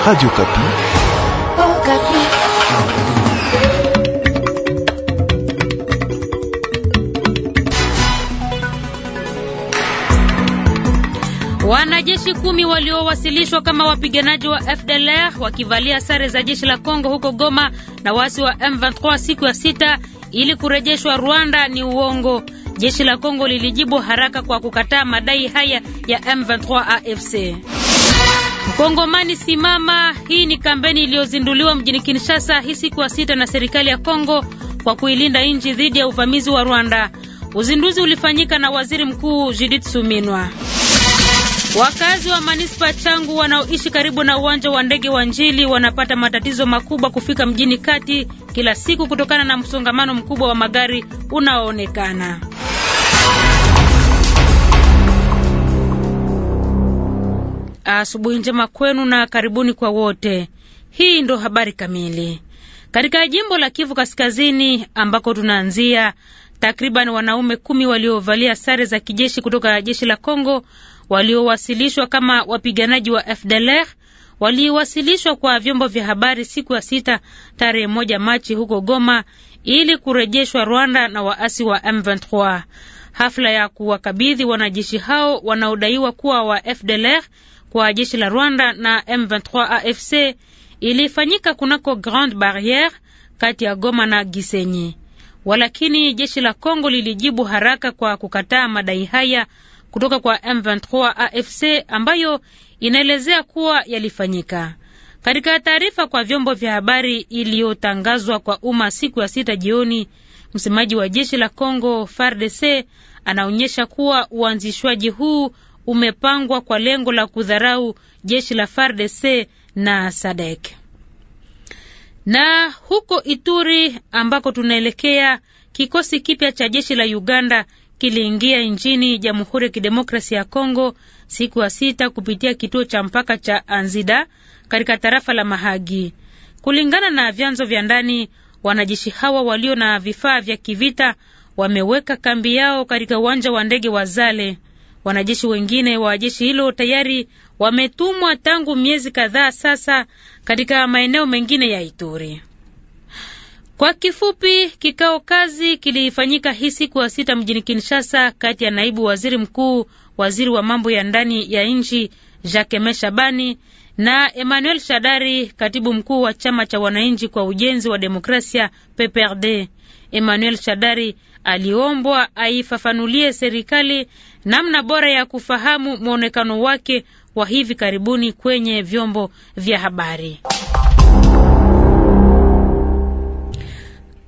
Radio Okapi. Oh, Wanajeshi kumi waliowasilishwa kama wapiganaji wa FDLR wakivalia sare za jeshi la Kongo huko Goma na waasi wa M23 siku ya sita ili kurejeshwa Rwanda ni uongo. Jeshi la Kongo lilijibu haraka kwa kukataa madai haya ya M23 AFC. Kongomani simama. Hii ni kampeni iliyozinduliwa mjini Kinshasa hii siku ya sita na serikali ya Kongo kwa kuilinda nchi dhidi ya uvamizi wa Rwanda. Uzinduzi ulifanyika na Waziri Mkuu Judith Suminwa. Wakazi wa manispa Changu wanaoishi karibu na uwanja wa ndege wa Njili wanapata matatizo makubwa kufika mjini kati kila siku kutokana na msongamano mkubwa wa magari unaoonekana. Asubuhi njema kwenu na karibuni kwa wote. Hii ndo habari kamili. Katika jimbo la Kivu Kaskazini ambako tunaanzia, takriban wanaume kumi waliovalia sare za kijeshi kutoka jeshi la Kongo waliowasilishwa kama wapiganaji wa FDLR waliwasilishwa kwa vyombo vya habari siku ya sita tarehe moja Machi huko Goma ili kurejeshwa Rwanda na waasi wa M23. Hafla ya kuwakabidhi wanajeshi hao wanaodaiwa kuwa wa FDLR kwa jeshi la Rwanda na M23 AFC ilifanyika kunako Grande Barriere kati ya Goma na Gisenyi. Walakini jeshi la Kongo lilijibu haraka kwa kukataa madai haya kutoka kwa M23 AFC ambayo inaelezea kuwa yalifanyika. Katika taarifa kwa vyombo vya habari iliyotangazwa kwa umma siku ya sita jioni, msemaji wa jeshi la Kongo FARDC anaonyesha kuwa uanzishwaji huu umepangwa kwa lengo la kudharau jeshi la FARDC na SADC. Na huko Ituri ambako tunaelekea, kikosi kipya cha jeshi la Uganda kiliingia nchini Jamhuri ya Kidemokrasia ya Kongo siku ya sita kupitia kituo cha mpaka cha Anzida katika tarafa la Mahagi. Kulingana na vyanzo vya ndani, wanajeshi hawa walio na vifaa vya kivita wameweka kambi yao katika uwanja wa ndege wa Zale. Wanajeshi wengine wa jeshi hilo tayari wametumwa tangu miezi kadhaa sasa katika maeneo mengine ya Ituri. Kwa kifupi, kikao kazi kilifanyika hii siku ya sita mjini Kinshasa kati ya naibu waziri mkuu, waziri wa mambo ya ndani ya nchi Jacques Shabani na Emmanuel Shadari, katibu mkuu wa chama cha wananchi kwa ujenzi wa demokrasia PPRD. Emmanuel Shadari aliombwa aifafanulie serikali namna bora ya kufahamu mwonekano wake wa hivi karibuni kwenye vyombo vya habari.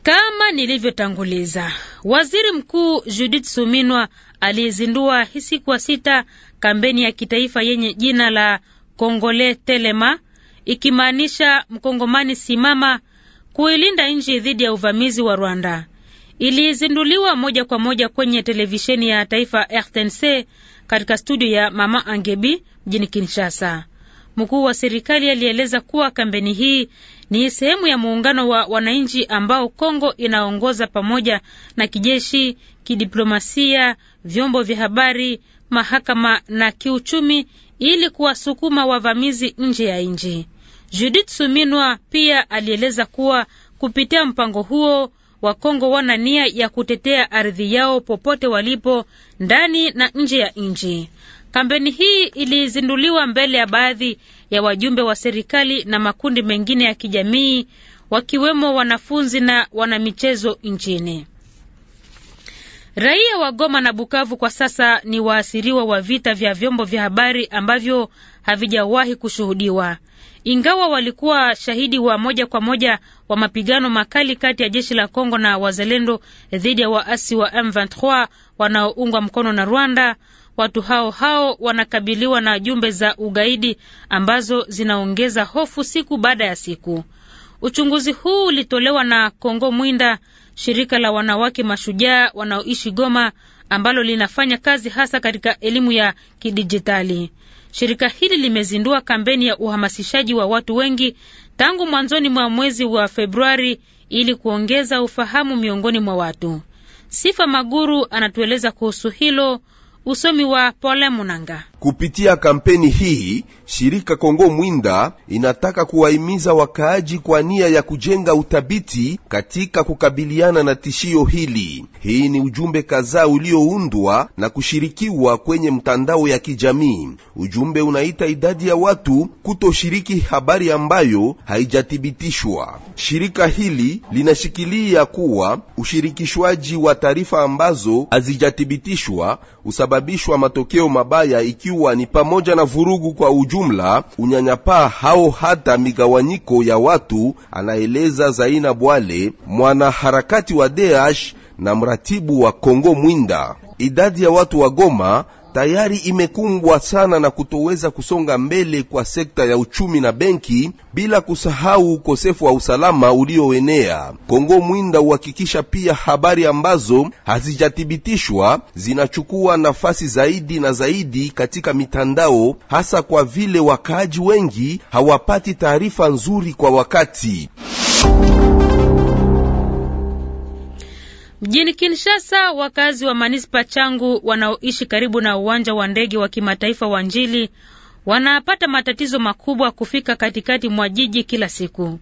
Kama nilivyotanguliza, waziri mkuu Judith Suminwa aliyezindua hii siku ya sita kampeni ya kitaifa yenye jina la Kongole Telema, ikimaanisha mkongomani simama, kuilinda nchi dhidi ya uvamizi wa Rwanda ilizinduliwa moja kwa moja kwenye televisheni ya taifa RTNC katika studio ya Mama Angebi mjini Kinshasa. Mkuu wa serikali alieleza kuwa kampeni hii ni sehemu ya muungano wa wananchi ambao Kongo inaongoza pamoja na kijeshi, kidiplomasia, vyombo vya habari, mahakama na kiuchumi ili kuwasukuma wavamizi nje ya nchi. Judith Suminwa pia alieleza kuwa kupitia mpango huo Wakongo wana nia ya kutetea ardhi yao popote walipo ndani na nje ya nchi. Kampeni hii ilizinduliwa mbele ya baadhi ya wajumbe wa serikali na makundi mengine ya kijamii wakiwemo wanafunzi na wanamichezo nchini. Raia wa Goma na Bukavu kwa sasa ni waasiriwa wa vita vya vyombo vya habari ambavyo havijawahi kushuhudiwa ingawa walikuwa shahidi wa moja kwa moja wa mapigano makali kati ya jeshi la Kongo na wazalendo dhidi ya waasi wa M23 wanaoungwa mkono na Rwanda. Watu hao hao wanakabiliwa na jumbe za ugaidi ambazo zinaongeza hofu siku baada ya siku. Uchunguzi huu ulitolewa na Kongo Mwinda, shirika la wanawake mashujaa wanaoishi Goma ambalo linafanya kazi hasa katika elimu ya kidijitali. Shirika hili limezindua kampeni ya uhamasishaji wa watu wengi tangu mwanzoni mwa mwezi wa Februari ili kuongeza ufahamu miongoni mwa watu. Sifa Maguru anatueleza kuhusu hilo, usomi wa Pole Munanga. Kupitia kampeni hii, shirika Kongo Mwinda inataka kuwahimiza wakaaji kwa nia ya kujenga uthabiti katika kukabiliana na tishio hili. Hii ni ujumbe kadhaa ulioundwa na kushirikiwa kwenye mtandao ya kijamii. Ujumbe unaita idadi ya watu kutoshiriki habari ambayo haijathibitishwa. Shirika hili linashikilia kuwa ushirikishwaji wa taarifa ambazo hazijathibitishwa husababishwa matokeo mabaya ikiwa ikiwa ni pamoja na vurugu kwa ujumla, unyanyapaa hao hata migawanyiko ya watu, anaeleza Zaina Bwale, mwanaharakati wa DH na mratibu wa Kongo Mwinda. Idadi ya watu wa Goma tayari imekumbwa sana na kutoweza kusonga mbele kwa sekta ya uchumi na benki, bila kusahau ukosefu wa usalama ulioenea. Kongo Mwinda uhakikisha pia habari ambazo hazijathibitishwa zinachukua nafasi zaidi na zaidi katika mitandao, hasa kwa vile wakaaji wengi hawapati taarifa nzuri kwa wakati. Mjini Kinshasa, wakazi wa manispa Changu wanaoishi karibu na uwanja wa ndege wa kimataifa wa Njili wanapata matatizo makubwa kufika katikati mwa jiji kila siku.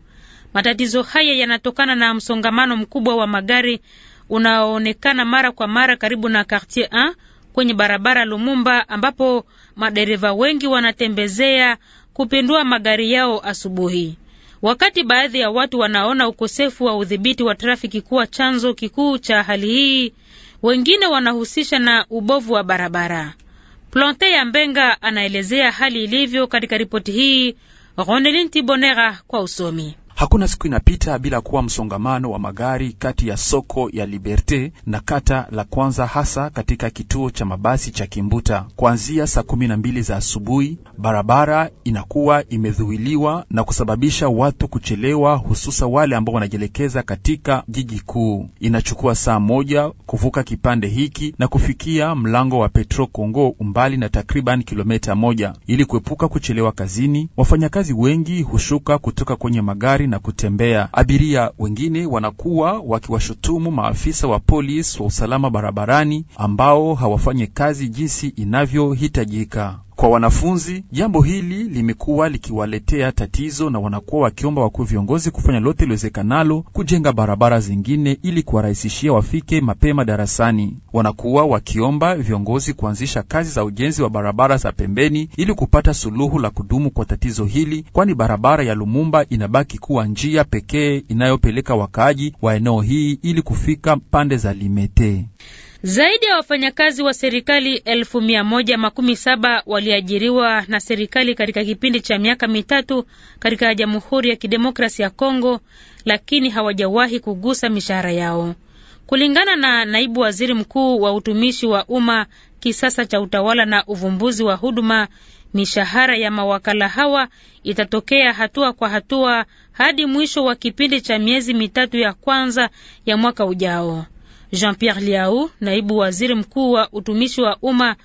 Matatizo haya yanatokana na msongamano mkubwa wa magari unaoonekana mara kwa mara karibu na Quartier 1 kwenye barabara Lumumba, ambapo madereva wengi wanatembezea kupindua magari yao asubuhi. Wakati baadhi ya watu wanaona ukosefu wa udhibiti wa trafiki kuwa chanzo kikuu cha hali hii, wengine wanahusisha na ubovu wa barabara. Plante ya Mbenga anaelezea hali ilivyo katika ripoti hii. Ronelin Tibonera kwa usomi Hakuna siku inapita bila kuwa msongamano wa magari kati ya soko ya Liberte na kata la kwanza, hasa katika kituo cha mabasi cha Kimbuta. Kuanzia saa kumi na mbili za asubuhi, barabara inakuwa imedhuiliwa na kusababisha watu kuchelewa, hususa wale ambao wanajielekeza katika jiji kuu. Inachukua saa moja kuvuka kipande hiki na kufikia mlango wa Petro Kongo, umbali na takriban kilomita moja. Ili kuepuka kuchelewa kazini, wafanyakazi wengi hushuka kutoka kwenye magari na kutembea. Abiria wengine wanakuwa wakiwashutumu maafisa wa polisi wa usalama barabarani ambao hawafanyi kazi jinsi inavyohitajika. Kwa wanafunzi, jambo hili limekuwa likiwaletea tatizo na wanakuwa wakiomba wakuu viongozi kufanya lote liwezekanalo kujenga barabara zingine ili kuwarahisishia wafike mapema darasani. Wanakuwa wakiomba viongozi kuanzisha kazi za ujenzi wa barabara za pembeni ili kupata suluhu la kudumu kwa tatizo hili, kwani barabara ya Lumumba inabaki kuwa njia pekee inayopeleka wakaaji wa eneo hii ili kufika pande za Limete. Zaidi ya wafanyakazi wa serikali elfu mia moja makumi saba waliajiriwa na serikali katika kipindi cha miaka mitatu katika Jamhuri ya Kidemokrasi ya Kongo, lakini hawajawahi kugusa mishahara yao, kulingana na naibu waziri mkuu wa utumishi wa umma, kisasa cha utawala na uvumbuzi wa huduma. Mishahara ya mawakala hawa itatokea hatua kwa hatua hadi mwisho wa kipindi cha miezi mitatu ya kwanza ya mwaka ujao. Jean-Pierre Liao, naibu waziri mkuu wa utumishi wa umma,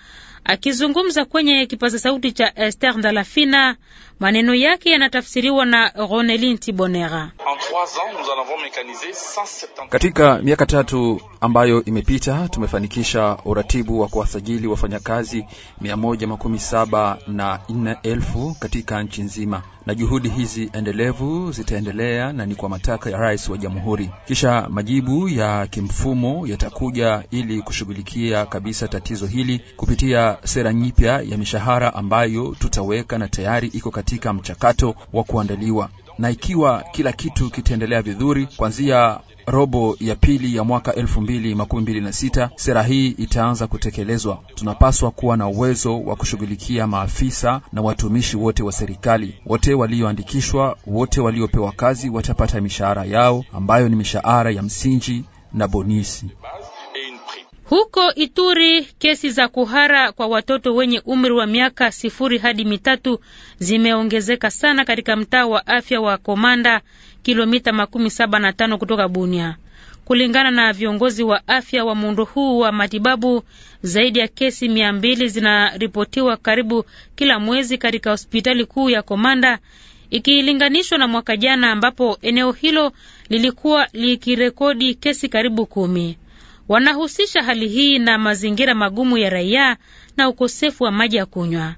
akizungumza kwenye kipaza sauti cha Esther Ndalafina, Maneno yake yanatafsiriwa na Ronelin Tibonera. Katika miaka tatu ambayo imepita tumefanikisha uratibu wa kuwasajili wafanyakazi mia katika nchi nzima, na juhudi hizi endelevu zitaendelea na ni kwa mataka ya rais wa jamhuri. Kisha majibu ya kimfumo yatakuja ili kushughulikia kabisa tatizo hili kupitia sera nyipya ya mishahara ambayo tutaweka na tayari iko katika katika mchakato wa kuandaliwa, na ikiwa kila kitu kitaendelea vizuri, kuanzia robo ya pili ya mwaka elfu mbili makumi mbili na sita sera hii itaanza kutekelezwa. Tunapaswa kuwa na uwezo wa kushughulikia maafisa na watumishi wote wa serikali, wote walioandikishwa, wote waliopewa kazi watapata mishahara yao ambayo ni mishahara ya msingi na bonisi. Huko Ituri kesi za kuhara kwa watoto wenye umri wa miaka sifuri hadi mitatu zimeongezeka sana katika mtaa wa afya wa Komanda, kilomita makumi saba na tano kutoka Bunia. Kulingana na viongozi wa afya wa muundo huu wa matibabu, zaidi ya kesi mia mbili zinaripotiwa karibu kila mwezi katika hospitali kuu ya Komanda ikilinganishwa na mwaka jana ambapo eneo hilo lilikuwa likirekodi kesi karibu kumi wanahusisha hali hii na mazingira magumu ya raia na ukosefu wa maji ya kunywa.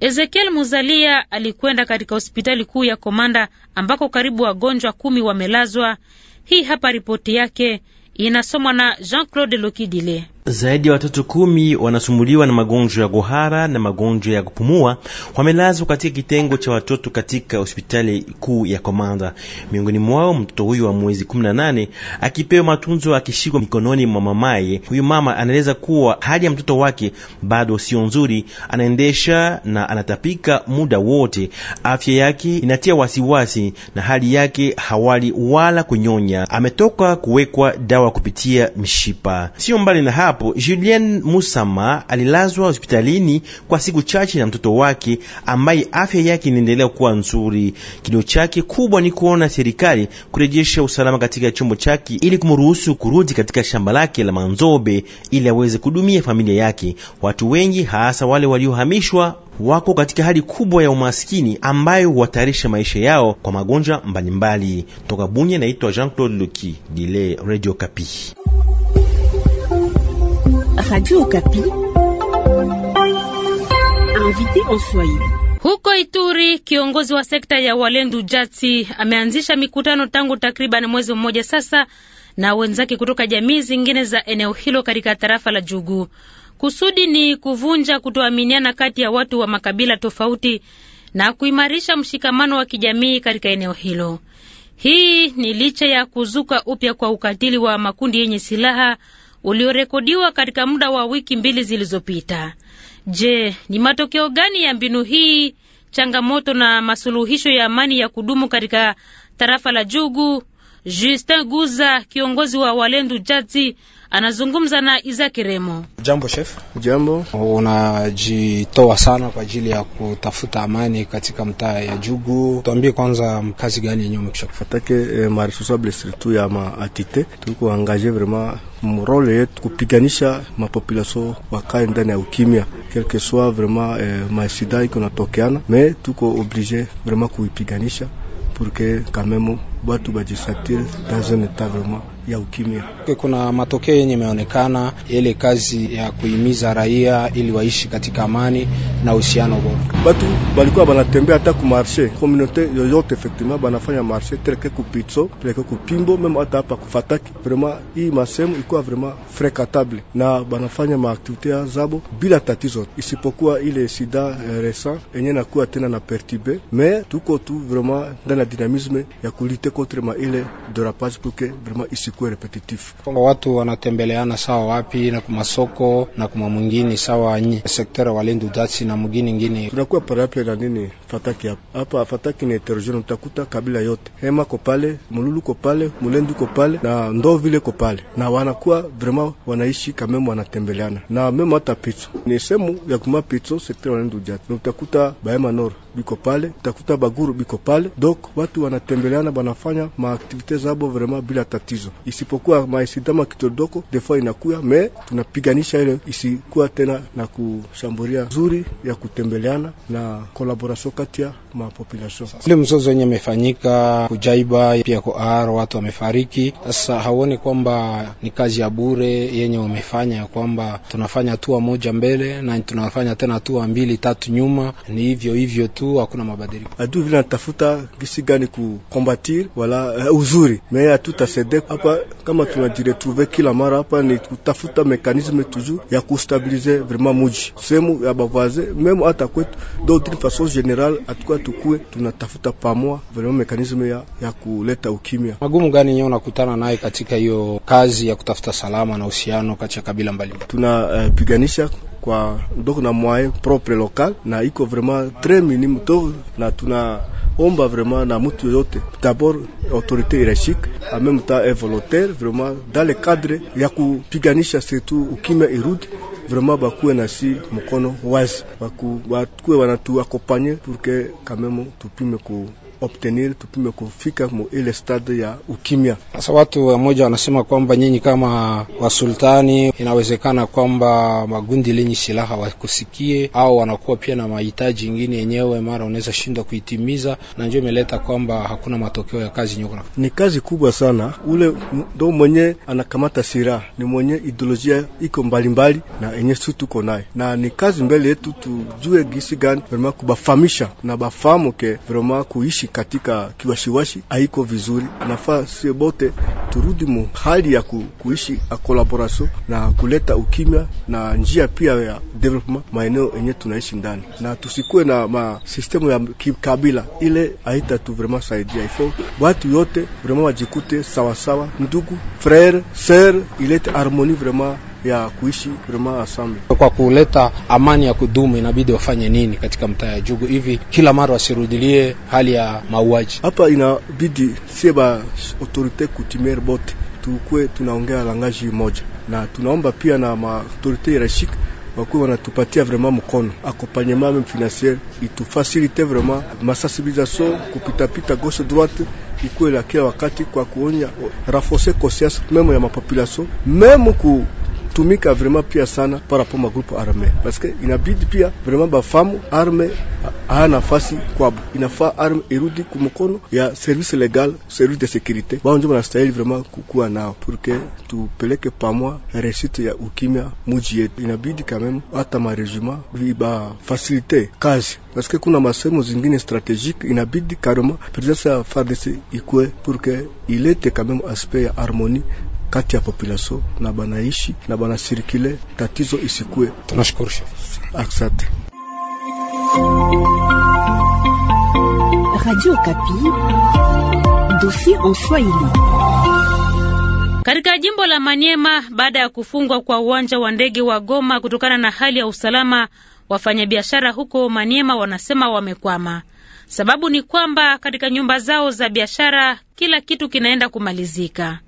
Ezekiel Muzalia alikwenda katika hospitali kuu ya Komanda ambako karibu wagonjwa kumi wamelazwa. Hii hapa ripoti yake, inasomwa na Jean Claude Lokidile. Zaidi ya watoto kumi wanasumbuliwa na magonjwa ya kuhara na magonjwa ya kupumua wamelazwa katika kitengo cha watoto katika hospitali kuu ya Komanda. Miongoni mwao mtoto huyu wa mwezi 18 akipewa matunzo akishikwa mikononi mwa mamaye. Huyu mama anaeleza kuwa hali ya mtoto wake bado sio nzuri, anaendesha na anatapika muda wote. Afya yake inatia wasiwasi na hali yake hawali wala kunyonya. Ametoka kuwekwa dawa kupitia mshipa sio mbali na ambapo Julien Musama alilazwa hospitalini kwa siku chache na mtoto wake ambaye afya yake inaendelea kuwa nzuri. Kilio chake kubwa ni kuona serikali kurejesha usalama katika chombo chake ili kumruhusu kurudi katika shamba lake la Manzobe ili aweze kudumia familia yake. Watu wengi hasa wale waliohamishwa wako katika hali kubwa ya umaskini ambayo watarisha maisha yao kwa magonjwa mbalimbali. Toka bunye naitwa Jean-Claude Luki Dile, Radio Kapi. Radio Okapi. Huko Ituri, kiongozi wa sekta ya Walendu Jatsi ameanzisha mikutano tangu takriban mwezi mmoja sasa na wenzake kutoka jamii zingine za eneo hilo katika tarafa la Jugu. Kusudi ni kuvunja kutoaminiana kati ya watu wa makabila tofauti na kuimarisha mshikamano wa kijamii katika eneo hilo. Hii ni licha ya kuzuka upya kwa ukatili wa makundi yenye silaha uliorekodiwa katika muda wa wiki mbili zilizopita. Je, ni matokeo gani ya mbinu hii, changamoto na masuluhisho ya amani ya kudumu katika tarafa la Jugu? Justin Guza, kiongozi wa Walendu Jazi, Anazungumza na Izaki Remo. Jambo chef. Jambo. Unajitoa sana kwa ajili ya kutafuta amani katika mtaa ya Jugu. Tuambie kwanza mkazi gani yenyewe umekisha kufatake eh, ma surtout ya ma atite tuko angaje vraiment mrole yetu kupiganisha mapopulation wakae ndani ya ukimya quelque soit vraiment eh, masida iko natokeana me tuko oblige vraiment kuipiganisha pour que quand même batu bajisatiri dans un ya ukimia. Kuna matokeo yenye imeonekana ile kazi ya kuhimiza raia ili waishi katika amani na uhusiano bora. Batu balikuwa banatembea hata ku marché yoyote, effectivement banafanya marshe treke ku Pitso kupimbo meme hata hapa kufataki vrema, hii masemu ilikuwa vrema frekatable na banafanya maaktivite zabo bila tatizo, isipokuwa ile sida eh, resa enye nakuwa tena na pertibe me tuko tu vrema ndani ya dynamisme ya kulite contre ma ile dorapage pour que vraiment isikuwe repetitif. Watu wanatembeleana sawa wapi na kumasoko na kuma mwingine sawa nyi sekter walendu dati na mwingine ngine tunakuwa paraple na nini fataki hapa hapa fataki ni heterogene, utakuta kabila yote hema ko pale, mululu ko pale, mulendu ko pale na ndo vile ko pale, na wanakuwa vraiment wanaishi kameme, wanatembeleana na memo hata pitso ni semu ya kuma pitso sekter walendu dati utakuta baema noro biko pale, takuta baguru biko pale, donc watu wanatembeleana wanafanya maaktivite zabo vraiment bila tatizo, isipokuwa maesidama kitodoko defo inakuya me, tunapiganisha ile isikuwa tena na kushambulia zuri ya kutembeleana na kolaboration kati ya mapopulation. Ile mzozo wenye amefanyika kujaiba pia koar watu wamefariki. Sasa hauone kwamba ni kazi ya bure yenye wamefanya ya kwamba tunafanya hatua moja mbele na tunafanya tena hatua mbili tatu nyuma, ni hivyo hivyo tu tu hakuna mabadiliko. Adu vile natafuta gisi gani kukombatir wala euh, uzuri me hatutasede hapa, kama tunajiretrouve kila mara hapa ni kutafuta mekanisme tuju ya kustabilize vraiment muji sehemu ya bavaze meme hata kwetu d'autre façon générale, atukua tukue tunatafuta pamoja vraiment mekanisme ya, ya kuleta ukimya. Magumu gani nyewe unakutana naye katika hiyo kazi ya kutafuta salama na uhusiano kati ya kabila mbalimbali? Tunapiganisha uh, kwa ndio kuna moyen propre local na iko vraiment tres minime to, na tuna omba vraiment na mutu yoyote d'abord autorité hiérarchique en même temps est volontaire vraiment dans le cadre ya kupiganisha surtout ukimya irudi vraiment bakuwe na si mkono wazi, bakuwe wanatu akompanye pour que quand tupime ku obtenir tupime kufika mu ile stade ya ukimya. Sasa watu wamoja wanasema kwamba nyinyi kama wasultani, inawezekana kwamba magundi lenye silaha wakusikie, au wanakuwa pia na mahitaji ingine yenyewe, mara unaweza shindwa kuitimiza, na ndio imeleta kwamba hakuna matokeo ya kazi nyoko. Ni kazi kubwa sana, ule ndo mwenye anakamata silaha ni mwenye ideolojia iko mbalimbali na enye su tuko naye, na ni kazi mbele yetu, tujue gisi gani vrema kubafamisha na bafamu ke vrema kuishi katika kiwashiwashi haiko vizuri. Anafaa sie bote turudi mu hali ya ku, kuishi a kolaboration na kuleta ukimya na njia pia ya development maeneo yenye tunaishi ndani, na tusikuwe na ma ya kikabila, ile haita tu vraiment saidia. Ifo watu yote vraiment wajikute sawasawa, ndugu frere ser, ilete harmonie vraiment ya kuishi vraiment ensemble. Kwa kuleta amani ya kudumu, inabidi wafanye nini katika mtaa ya Jugu hivi kila mara wasirudilie hali ya mauaji hapa? Inabidi sie ba autorite coutumiere bote tukue tunaongea langaji moja, na tunaomba pia na maautorite irashik wakuwe wanatupatia vraiment mkono accompagnement même financier itufasilite vraiment masensibilisation kupitapita gauche droite ikuwe la kila wakati, kwa kuonya renforcer conscience meme ya mapopulation meme ku inatumika vraiment pia sana ma groupe arme, paske inabidi pia vraiment bafamu arme haya nafasi kwabo, inafaa arme irudi kumkono ya service legal, service de sécurité bao njo banastahili vraiment kukuwa nao purke tupeleke pamwa resite ya ukimya muji yetu. Inabidi kameme hata marejima vibafasilite kazi paske kuna masemo zingine strategique inabidi karema presence ya FARDC ikwe purke ilete kameme aspect ya harmonie kati ya population na banaishi na banasirikile, tatizo isikue. Tunashukuru asante. Radio Kapi, dossier en Swahili. Katika jimbo la Manyema, baada ya kufungwa kwa uwanja wa ndege wa Goma kutokana na hali ya usalama, wafanyabiashara huko Manyema wanasema wamekwama. Sababu ni kwamba katika nyumba zao za biashara kila kitu kinaenda kumalizika.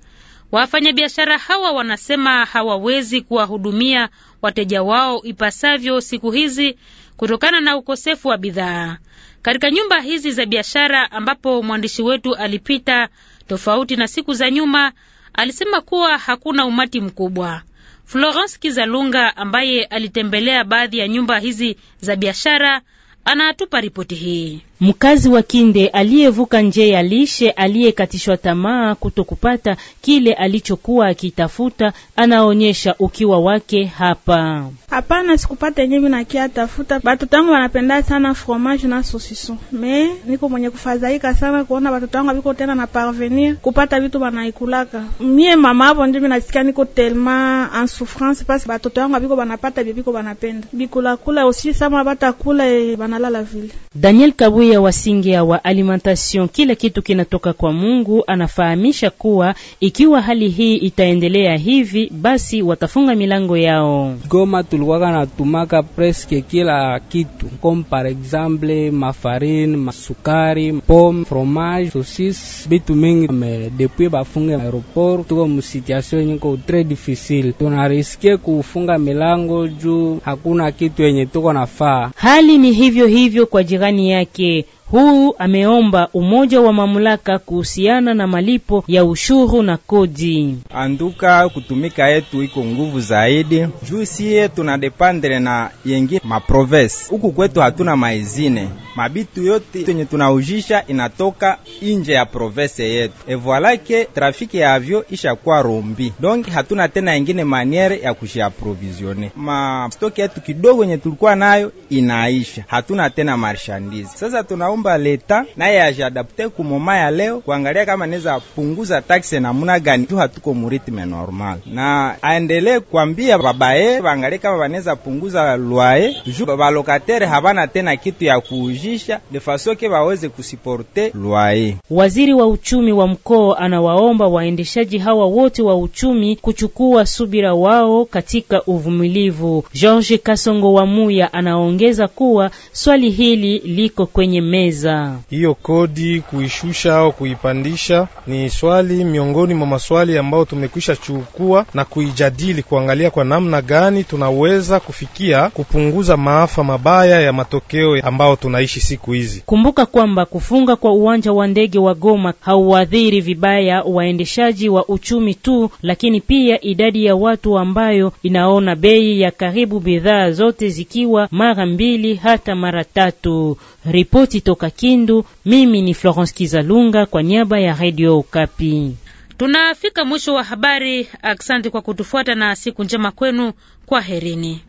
Wafanyabiashara hawa wanasema hawawezi kuwahudumia wateja wao ipasavyo siku hizi kutokana na ukosefu wa bidhaa katika nyumba hizi za biashara ambapo mwandishi wetu alipita. Tofauti na siku za nyuma, alisema kuwa hakuna umati mkubwa. Florence Kizalunga ambaye alitembelea baadhi ya nyumba hizi za biashara anatupa ripoti hii. Mkazi wa Kinde aliyevuka nje ya lishe aliyekatishwa tamaa kutokupata kile alichokuwa akitafuta, anaonyesha ukiwa wake hapa. Hapana, sikupata yenye minakia tafuta. Batoto wangu wanapenda sana fromage na sosison, me niko mwenye kufadhaika sana kuona batoto wangu aviko tena na parvenir kupata vitu banaikulaka. Mie mama hapo ndio minasikia niko telma en souffrance parce batoto wangu aviko banapata bibiko banapenda bikulakula osi sama batakula banalala eh, vile. Daniel Kabwe ya wasingi ya wa alimentation, kila kitu kinatoka kwa Mungu. Anafahamisha kuwa ikiwa hali hii itaendelea hivi, basi watafunga milango yao. Goma tulikuwa natumaka preske kila kitu comme par exemple mafarine, masukari, pomme, fromage, sosis, bitu mingi me depuis bafunge aeroport, tuko musituation yenyeko tre difficile, tunariske kufunga milango juu hakuna kitu yenye tuko nafaa. Hali ni hivyo hivyo kwa jirani yake Huyu ameomba umoja wa mamlaka kuhusiana na malipo ya ushuru na kodi. Anduka kutumika yetu iko nguvu zaidi juu siye tunadepandre na yengi maproves. Huku kwetu hatuna maizine, mabitu yote yenye tunaujisha inatoka inje ya provense yetu. Evualake trafiki ya avyo ishakuwa rombi, donc hatuna tena yengine maniere ya kushiaprovizione. Ma yetu kidogo yenye tulikuwa nayo inaisha, hatuna tena marshandise sasa tuna nitaomba leta naye ajadapte ku moma ya leo kuangalia kama neza punguza taksi namuna gani, tu hatuko muritme normal, na aendele kuambia babaye waangalie kama wanaweza punguza lwaye ju balokatere habana tena kitu ya kuujisha defasoke waweze kusiporte lwaye. Waziri wa uchumi wa mkoo anawaomba waendeshaji hawa wote wa uchumi kuchukua subira wao katika uvumilivu. George Kasongo wa Muya anaongeza kuwa swali hili liko kwenye me meza. Hiyo kodi kuishusha au kuipandisha ni swali miongoni mwa maswali ambayo tumekwisha chukua na kuijadili, kuangalia kwa namna gani tunaweza kufikia kupunguza maafa mabaya ya matokeo ambayo tunaishi siku hizi. Kumbuka kwamba kufunga kwa uwanja wa ndege wa Goma hauadhiri vibaya waendeshaji wa uchumi tu, lakini pia idadi ya watu ambayo inaona bei ya karibu bidhaa zote zikiwa mara mbili hata mara tatu. Ripoti kutoka Kindu. Mimi ni Florence Kizalunga kwa niaba ya Radio Okapi. Tunafika mwisho wa habari. Asante kwa kutufuata na siku njema kwenu. kwa herini